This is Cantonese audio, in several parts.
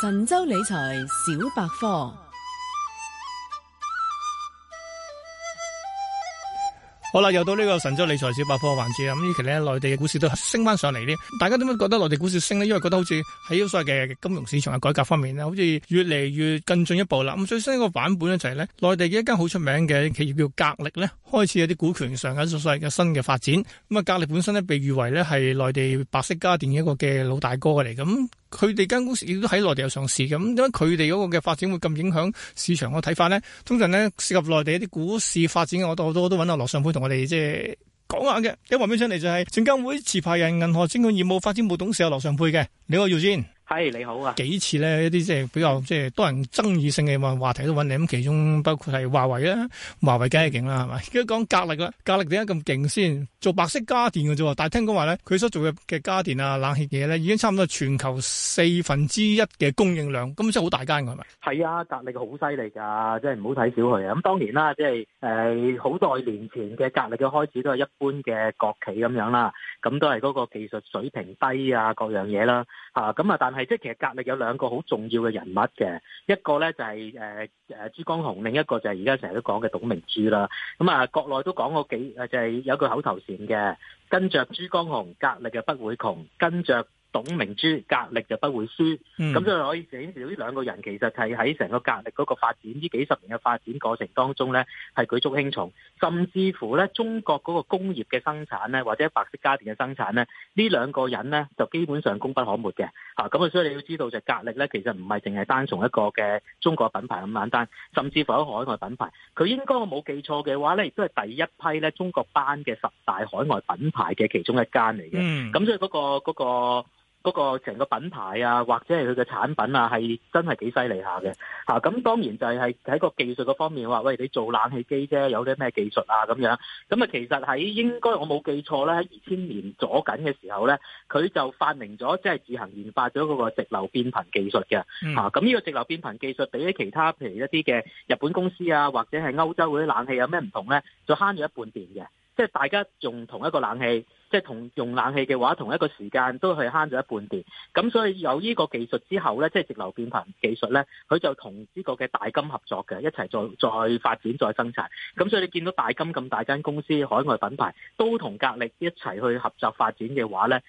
神州理財小百科，好啦，又到呢個神州理財小百科環節啦。咁呢期咧，內地嘅股市都升翻上嚟咧。大家點樣覺得內地股市升咧？因為覺得好似喺所謂嘅金融市場嘅改革方面咧，好似越嚟越更進一步啦。咁最新一個版本咧就係咧，內地嘅一間好出名嘅企業叫格力咧，開始有啲股權上嘅所謂嘅新嘅發展。咁啊，格力本身咧，被譽為咧係內地白色家電一個嘅老大哥嚟。咁佢哋間公司亦都喺內地有上市嘅，咁點解佢哋嗰個嘅發展會咁影響市場個睇法咧？通常咧涉及內地一啲股市發展，我都好多都揾阿羅尚沛同我哋即係講下嘅。一話俾你聽嚟就係證監會持牌人銀河證券業務發展部董事有羅尚沛嘅，你我要先。Eugene 係、hey, 你好啊！幾次咧一啲即係比較即係多人爭議性嘅話題都搵你，咁其中包括係華為啦，華為梗係勁啦，係咪？如果講格力啦，格力點解咁勁先？做白色家電嘅啫，但係聽講話咧，佢所做嘅嘅家電啊、冷氣嘢咧，已經差唔多全球四分之一嘅供應量，咁真係好大間係咪？係啊，格力好犀利噶，即係唔好睇小佢啊！咁當然啦，即係誒好多年前嘅格力嘅開始都係一般嘅國企咁樣啦，咁都係嗰個技術水平低啊，各樣嘢啦，吓咁啊，但係。係即係其實格力有兩個好重要嘅人物嘅，一個咧就係誒誒朱江洪，另一個就係而家成日都講嘅董明珠啦。咁啊，國內都講過幾誒，就係、是、有一句口頭禪嘅，跟着朱江洪，格力嘅不會窮，跟着董明珠格力就不會輸，咁就、嗯、可以顯示到呢兩個人其實係喺成個格力嗰個發展呢幾十年嘅發展過程當中咧，係舉足輕重，甚至乎咧中國嗰個工業嘅生產咧，或者白色家電嘅生產咧，呢兩個人咧就基本上功不可沒嘅，嚇咁啊！所以你要知道就格力咧，其實唔係淨係單從一個嘅中國品牌咁簡單，甚至乎喺海外品牌，佢應該我冇記錯嘅話咧，亦都係第一批咧中國班嘅十大海外品牌嘅其中一間嚟嘅，咁、嗯、所以嗰個嗰個。嗰個嗰個成個品牌啊，或者係佢嘅產品啊，係真係幾犀利下嘅嚇。咁當然就係喺個技術嗰方面話，喂，你做冷氣機啫，有啲咩技術啊咁樣？咁、嗯、啊，其實喺應該我冇記錯咧，喺二千年左緊嘅時候咧，佢就發明咗即係自行研發咗嗰個直流變頻技術嘅嚇。咁、啊、呢個直流變頻技術比起其他譬如一啲嘅日本公司啊，或者係歐洲嗰啲冷氣有咩唔同咧？就慳咗一半電嘅，即係大家用同一個冷氣。即係同用冷氣嘅話，同一個時間都係慳咗一半電。咁所以有呢個技術之後呢，即係直流變頻技術呢，佢就同呢個嘅大金合作嘅，一齊再再發展再生產。咁所以你見到大金咁大間公司，海外品牌都同格力一齊去合作發展嘅話呢，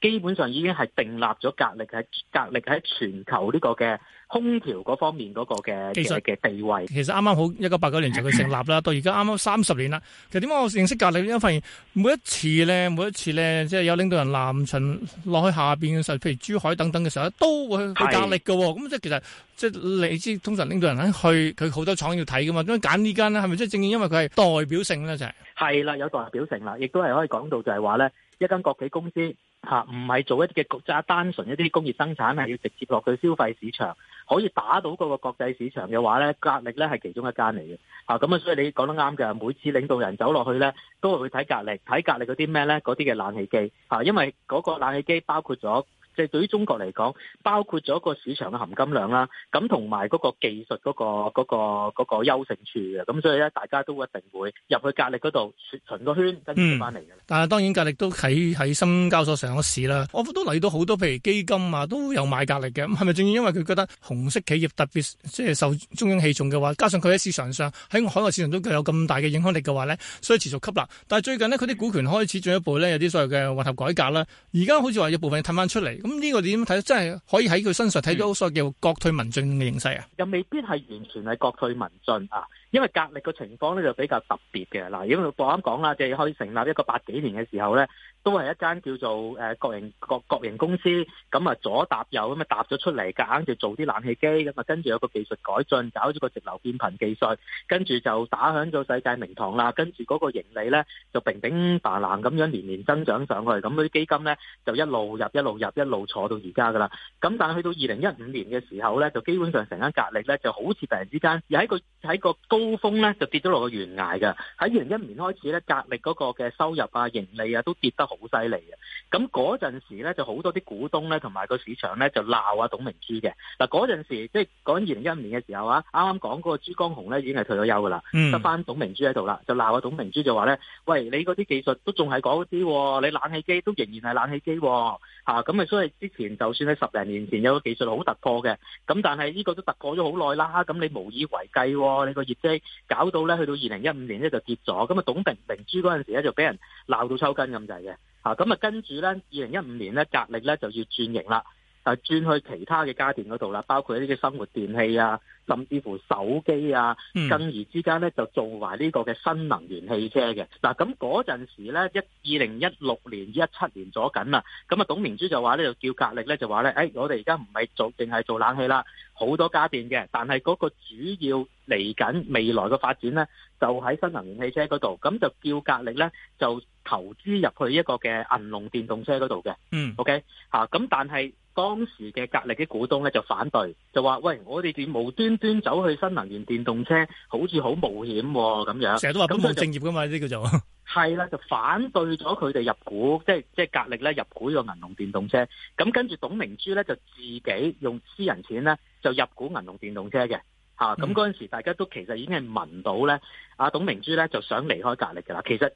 基本上已經係訂立咗格力喺格力喺全球呢個嘅。空調嗰方面嗰個嘅技術嘅地位，其實啱啱好一九八九年就佢成立啦，到而家啱啱三十年啦。其實點解 我認識格力，因為發現每一次咧，每一次咧，即係有領導人南巡落去下邊嘅時候，譬如珠海等等嘅時候，都會去格力喎。咁是、嗯、即係其實即係你知，通常領導人喺去，佢好多廠要睇噶嘛，咁樣揀呢間咧，係咪即係正正因為佢係代表性咧，就係係啦，有代表性啦，亦都係可以講到就係話咧，一間國企公司。吓，唔係、啊、做一啲嘅，即係單純一啲工業生產，係要直接落去消費市場，可以打到嗰個國際市場嘅話咧，格力咧係其中一間嚟嘅。吓，咁啊，所以你講得啱嘅，每次領導人走落去咧，都會去睇格力，睇格力嗰啲咩咧，嗰啲嘅冷氣機，吓、啊，因為嗰個冷氣機包括咗。即係對於中國嚟講，包括咗個市場嘅含金量啦，咁同埋嗰個技術嗰個嗰個嗰個優勝處嘅，咁所以咧大家都一定會入去格力嗰度巡個圈，跟住翻嚟嘅。但係當然格力都喺喺深交所上咗市啦，我都睇到好多譬如基金啊，都有買格力嘅。咁係咪正因為佢覺得紅色企業特別即係受中央器重嘅話，加上佢喺市場上喺海外市場都具有咁大嘅影響力嘅話咧，所以持續吸納。但係最近呢，佢啲股權開始進一步咧有啲所謂嘅混合改革啦，而家好似話有部分褪翻出嚟。咁呢個點睇，真係可以喺佢身上睇到所謂叫國退民進嘅形勢啊？又未必係完全係國退民進啊。因為格力個情況咧就比較特別嘅，嗱，因為我啱啱講啦，就係可以成立一個八幾年嘅時候咧，都係一間叫做誒國營國國營公司，咁啊左搭右咁啊搭咗出嚟，夾硬，硬就做啲冷氣機，咁啊跟住有個技術改進，搞咗個直流變頻技術，跟住就打響咗世界名堂啦，跟住嗰個盈利咧就平平淡淡咁樣年年增長上去，咁啲基金咧就一路入一路入一路坐到而家噶啦，咁但係去到二零一五年嘅時候咧，就基本上成間格力咧就好似突然之間而喺個喺個高高峰咧就跌咗落個懸崖嘅，喺二零一五年開始咧，格力嗰個嘅收入啊、盈利啊都跌得好犀利嘅，咁嗰陣時咧就好多啲股東咧同埋個市場咧就鬧阿董明珠嘅，嗱嗰陣時即係講二零一五年嘅時候啊，啱啱講嗰個朱江洪咧已經係退咗休噶啦，得翻、嗯、董明珠喺度啦，就鬧阿董明珠就話咧，喂，你嗰啲技術都仲係嗰啲，你冷氣機都仍然係冷氣機，哦，吓咁咪所以之前就算喺十零年前有個技術好突破嘅，咁但係呢個都突破咗好耐啦，咁你無以為繼，哦，你個業績。搞到咧，去到二零一五年咧就跌咗，咁啊董明明珠嗰陣時咧就俾人鬧到抽筋咁滯嘅，吓咁啊跟住咧二零一五年咧格力咧就要轉型啦。就轉去其他嘅家電嗰度啦，包括呢啲生活電器啊，甚至乎手機啊，嗯、更而之間咧就做埋呢個嘅新能源汽車嘅。嗱，咁嗰陣時咧，一二零一六年、一七年左緊啦。咁啊，董明珠就話咧，就叫格力咧，就話咧，誒，我哋而家唔係做淨係做冷氣啦，好多家電嘅，但係嗰個主要嚟緊未來嘅發展咧，就喺新能源汽車嗰度。咁就叫格力咧，就投資入去一個嘅銀龍電動車嗰度嘅。嗯，OK，嚇、啊，咁但係。當時嘅格力嘅股東咧就反對，就話：喂，我哋點無端端走去新能源電動車，好似好冒險咁、啊、樣。成日都話唔冇正業噶嘛，呢啲叫做。係啦， 就反對咗佢哋入股，即係即係格力咧入股個銀龍電動車。咁跟住董明珠咧就自己用私人錢咧就入股銀龍電動車嘅嚇。咁嗰陣時大家都其實已經係聞到咧，阿、嗯啊、董明珠咧就想離開格力㗎啦。其實。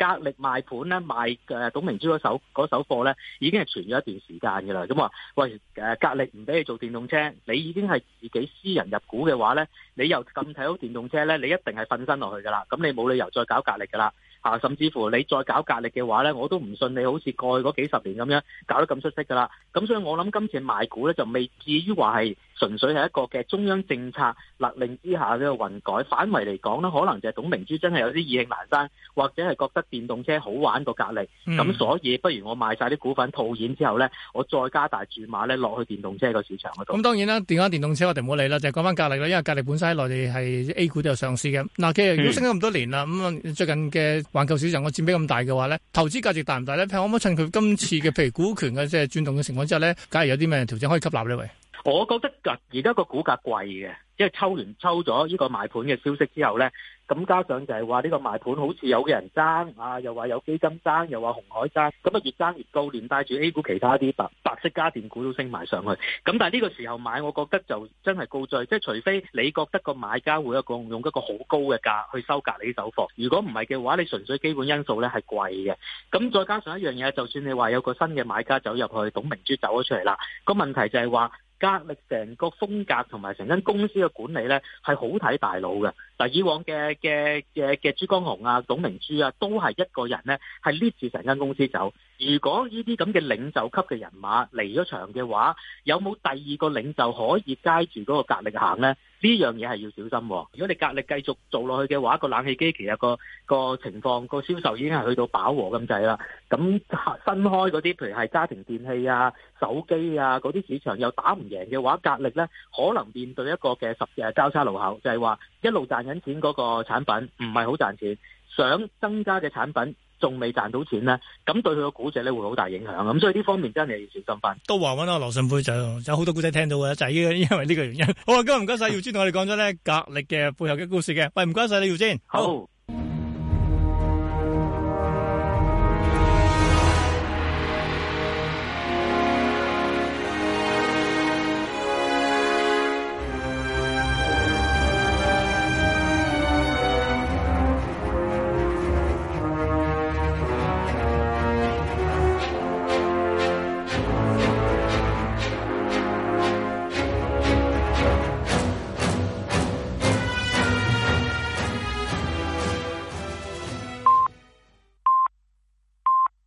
格力賣盤咧賣誒董明珠嗰手貨貨咧，已經係存咗一段時間嘅啦。咁話喂，格力唔俾你做電動車，你已經係自己私人入股嘅話咧，你又咁睇到電動車咧，你一定係瞓身落去㗎啦。咁你冇理由再搞格力㗎啦。嚇，甚至乎你再搞格力嘅話咧，我都唔信你好似過去嗰幾十年咁樣搞得咁出色㗎啦。咁所以我諗今次賣股咧，就未至於話係。純粹係一個嘅中央政策勒令之下嘅混改反為嚟講咧，可能就係董明珠真係有啲意興闌珊，或者係覺得電動車好玩過格力。咁所以不如我賣晒啲股份套現之後咧，我再加大注碼咧落去電動車個市場嗰度。咁當然啦，講緊電動車我哋唔好理啦，就係講翻格力啦，因為格力本身喺內地係 A 股都有上市嘅嗱。其實如果升咗咁多年啦，咁最近嘅環球市場個佔比咁大嘅話咧，投資價值大唔大咧？譬如可唔可以趁佢今次嘅譬如股權嘅即係轉動嘅情況之下咧，假如有啲咩調整可以吸納咧？喂我覺得而家個股價貴嘅，因為抽完抽咗呢個賣盤嘅消息之後呢，咁加上就係話呢個賣盤好似有嘅人爭啊，又話有基金爭，又話紅海爭，咁啊越爭越高，連帶住 A 股其他啲白白色家電股都升埋上去。咁但係呢個時候買，我覺得就真係告罪，即係除非你覺得個買家會一個用一個好高嘅價去收隔離你手貨，如果唔係嘅話，你純粹基本因素呢係貴嘅。咁再加上一樣嘢，就算你話有個新嘅買家走入去，董明珠走咗出嚟啦，個問題就係話。格力成個風格同埋成間公司嘅管理咧，係好睇大佬嘅。嗱，以往嘅嘅嘅嘅朱江洪啊、董明珠啊，都係一個人咧，係攣住成間公司走。如果呢啲咁嘅領袖級嘅人馬離咗場嘅話，有冇第二個領袖可以攫住嗰個格力行咧？呢樣嘢係要小心。如果你格力繼續做落去嘅話，個冷氣機其實、個、個情況、個銷售已經係去到飽和咁滯啦。咁新開嗰啲，譬如係家庭電器啊、手機啊嗰啲市場又打唔贏嘅話，格力呢可能面對一個嘅十字交叉路口，就係、是、話一路賺緊錢嗰個產品唔係好賺錢，想增加嘅產品。仲未賺到錢咧，咁對佢個估值咧會好大影響咁，所以呢方面真係要小心翻。都話揾阿羅尚沛就有好多股仔聽到嘅，就係、是、因為呢個原因。好啊，今日唔該晒耀尊同我哋講咗咧格力嘅背後嘅故事嘅。喂，唔該晒你耀尊。好。好。